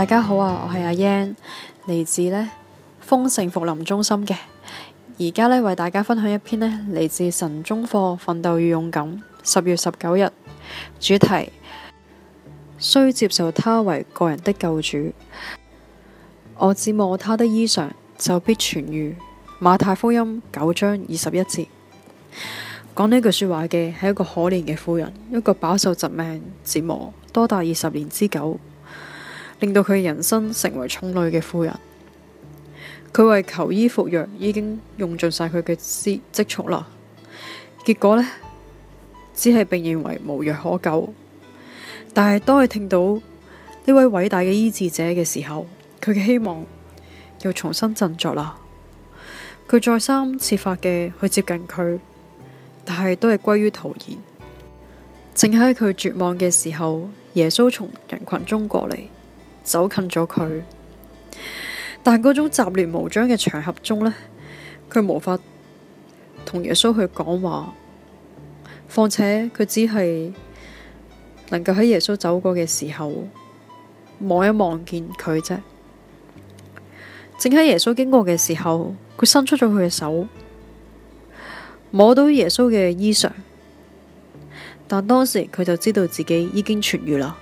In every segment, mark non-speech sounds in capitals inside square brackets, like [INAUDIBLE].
大家好啊，我係阿 Yan，嚟自呢豐盛復臨中心嘅，而家呢，為大家分享一篇呢，嚟自神中課《奮鬥與勇敢》，十月十九日，主題 [NOISE] 需接受他為個人的救主，我只摸他的衣裳就必痊愈。馬太福音九章二十一節，講呢句說話嘅係一個可憐嘅婦人，一個飽受疾病折磨多達二十年之久，令到佢人生成為重累嘅婦人，佢為求醫服藥，已經用盡晒佢嘅資積蓄啦。結果呢，只係被認為無藥可救。但係當佢聽到呢位偉大嘅醫治者嘅時候，佢嘅希望又重新振作啦。佢再三設法嘅去接近佢，但係都係歸於徒然。正喺佢絕望嘅時候，耶穌從人群中過嚟。走近咗佢，但嗰種雜亂無章嘅場合中呢，佢無法同耶穌去講話，況且佢只係能夠喺耶穌走過嘅時候望一望見佢啫。正喺耶穌經過嘅時候，佢伸出咗佢嘅手，摸到耶穌嘅衣裳，但當時佢就知道自己已經痊愈啦。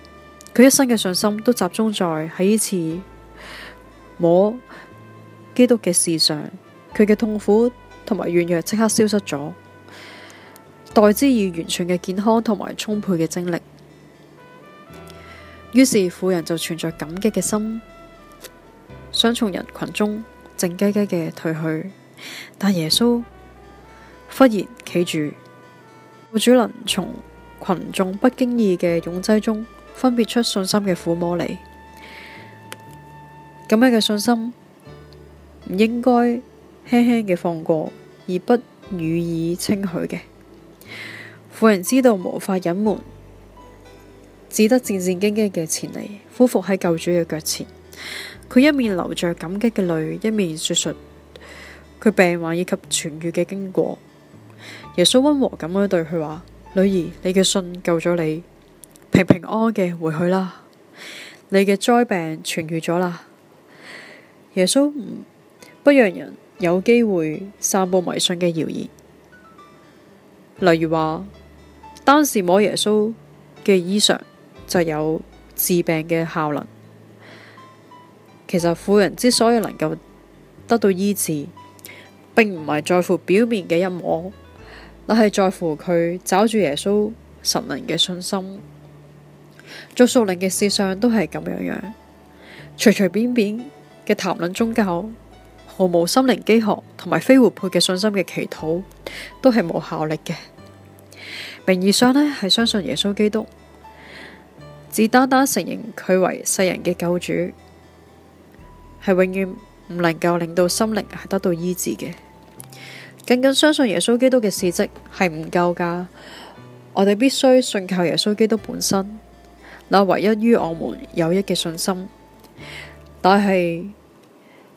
佢一生嘅信心都集中在喺呢次摸基督嘅事上，佢嘅痛苦同埋軟弱即刻消失咗，代之以完全嘅健康同埋充沛嘅精力。於是婦人就存着感激嘅心，想從人群中靜雞雞嘅退去，但耶穌忽然企住，我主能從群眾不經意嘅擁擠中。分別出信心嘅撫摸嚟，咁樣嘅信心唔應該輕輕嘅放過，而不予以稱許嘅。婦人知道無法隱瞞，只得戰戰兢兢嘅前嚟，俯伏喺救主嘅腳前。佢一面流着感激嘅淚，一面敘述佢病患以及痊愈嘅經過。耶穌溫和咁樣對佢話，女兒，你嘅信救咗你。平平安安嘅回去啦。你嘅災病痊癒咗啦。耶穌唔不讓人有機會散布迷信嘅謠言，例如話單是摸耶穌嘅衣裳就有治病嘅效能。其實婦人之所以能夠得到醫治，並唔係在乎表面嘅一摸，那係在乎佢找住耶穌神靈嘅信心。做屬靈嘅事上都係咁樣樣，隨隨便便嘅談論宗教，毫無心靈饑渴同埋非活潑嘅信心嘅祈禱，都係冇效力嘅。名義上呢，係相信耶穌基督，只單單承認佢為世人嘅救主，係永遠唔能夠令到心靈係得到醫治嘅。僅僅相信耶穌基督嘅事跡係唔夠㗎，我哋必須信靠耶穌基督本身。那唯一於我們有益嘅信心，但係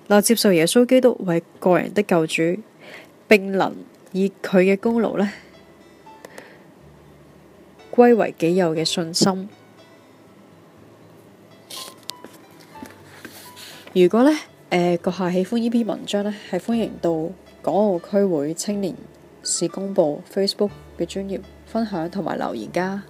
那接受耶穌基督為個人的救主，並能以佢嘅功勞呢歸為己有嘅信心。如果呢誒、呃、閣下喜歡呢篇文章呢，係歡迎到港澳區會青年事工部 Facebook 嘅專業分享同埋留言加。